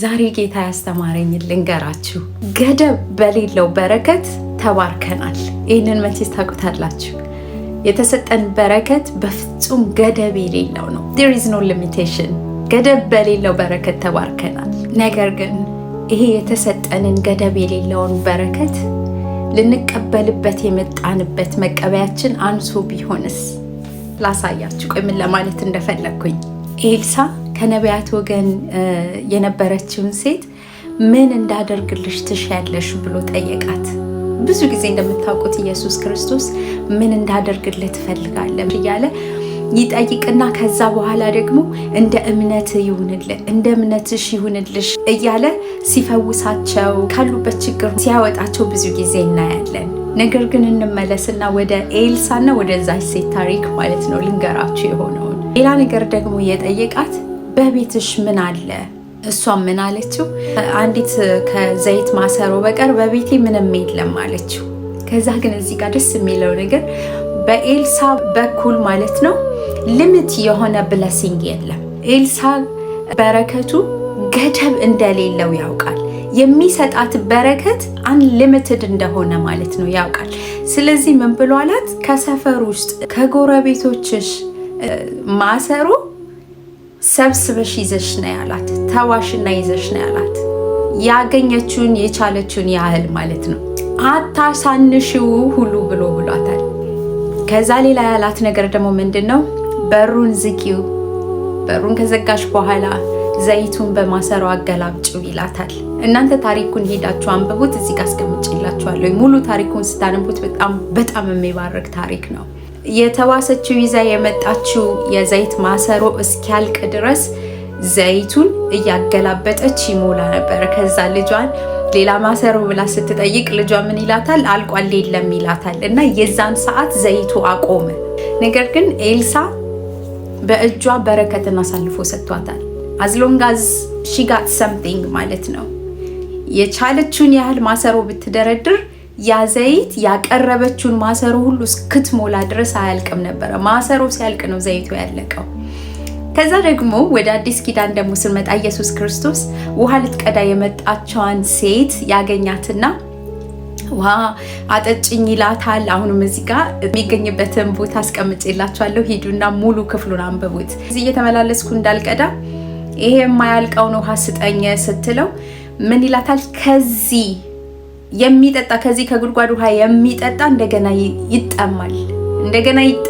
ዛሬ ጌታ ያስተማረኝ ልንገራችሁ። ገደብ በሌለው በረከት ተባርከናል። ይህንን መቼስ ታውቁታላችሁ። የተሰጠን በረከት በፍጹም ገደብ የሌለው ነው። ዴር ኢዝ ኖ ሊሚቴሽን። ገደብ በሌለው በረከት ተባርከናል። ነገር ግን ይሄ የተሰጠንን ገደብ የሌለውን በረከት ልንቀበልበት የመጣንበት መቀበያችን አንሶ ቢሆንስ? ላሳያችሁ። ቆይ ምን ለማለት እንደፈለግኩኝ ኤልሳ ከነቢያት ወገን የነበረችውን ሴት ምን እንዳደርግልሽ ትሻለሽ ብሎ ጠየቃት። ብዙ ጊዜ እንደምታውቁት ኢየሱስ ክርስቶስ ምን እንዳደርግልህ ትፈልጋለህ እያለ ይጠይቅና ከዛ በኋላ ደግሞ እንደ እምነት ይሁንልህ እንደ እምነትሽ ይሁንልሽ እያለ ሲፈውሳቸው ካሉበት ችግር ሲያወጣቸው ብዙ ጊዜ እናያለን። ነገር ግን እንመለስና ወደ ኤልሳና ወደዛች ሴት ታሪክ ማለት ነው ልንገራችሁ የሆነውን ሌላ ነገር ደግሞ የጠየቃት በቤትሽ ምን አለ? እሷም ምን አለችው? አንዲት ከዘይት ማሰሮ በቀር በቤቴ ምንም የለም አለችው። ከዛ ግን እዚህ ጋር ደስ የሚለው ነገር በኤልሳ በኩል ማለት ነው ልምት የሆነ ብለሲንግ የለም። ኤልሳ በረከቱ ገደብ እንደሌለው ያውቃል። የሚሰጣት በረከት አንሊሚትድ እንደሆነ ማለት ነው ያውቃል። ስለዚህ ምን ብሎ አላት? ከሰፈር ውስጥ ከጎረቤቶችሽ ማሰሮ ሰብስበሽ ይዘሽ ነው ያላት። ተዋሽና ይዘሽ ነው ያላት። ያገኘችውን የቻለችውን ያህል ማለት ነው። አታሳንሽው ሁሉ ብሎ ብሏታል። ከዛ ሌላ ያላት ነገር ደግሞ ምንድን ነው? በሩን ዝጊው፣ በሩን ከዘጋሽ በኋላ ዘይቱን በማሰሮ አገላብጭው ይላታል። እናንተ ታሪኩን ሄዳችሁ አንብቡት። እዚህ ጋር አስቀምጭላችኋለሁ። ሙሉ ታሪኩን ስታነቡት በጣም በጣም የሚባርክ ታሪክ ነው። የተዋሰችው ይዛ የመጣችው የዘይት ማሰሮ እስኪያልቅ ድረስ ዘይቱን እያገላበጠች ይሞላ ነበረ። ከዛ ልጇን ሌላ ማሰሮ ብላ ስትጠይቅ ልጇ ምን ይላታል? አልቋል የለም ይላታል። እና የዛን ሰዓት ዘይቱ አቆመ። ነገር ግን ኤልሳ በእጇ በረከትን አሳልፎ ሰጥቷታል። አዝሎንጋዝ ሺጋት ሰምቲንግ ማለት ነው። የቻለችውን ያህል ማሰሮ ብትደረድር ያ ዘይት ያቀረበችውን ማሰሮ ሁሉ እስክትሞላ ድረስ አያልቅም ነበረ። ማሰሮ ሲያልቅ ነው ዘይቱ ያለቀው። ከዛ ደግሞ ወደ አዲስ ኪዳን ደግሞ ስንመጣ ኢየሱስ ክርስቶስ ውሃ ልትቀዳ የመጣቸዋን ሴት ያገኛትና ውሃ አጠጭኝ ይላታል። አሁንም እዚህ ጋር የሚገኝበትን ቦታ አስቀምጬላችኋለሁ። ሂዱና ሙሉ ክፍሉን አንብቡት። እዚህ እየተመላለስኩ እንዳልቀዳ ይሄ የማያልቀውን ውሃ ስጠኝ ስትለው ምን ይላታል? ከዚህ የሚጠጣ ከዚህ ከጉድጓድ ውሃ የሚጠጣ እንደገና ይጠማል እንደገና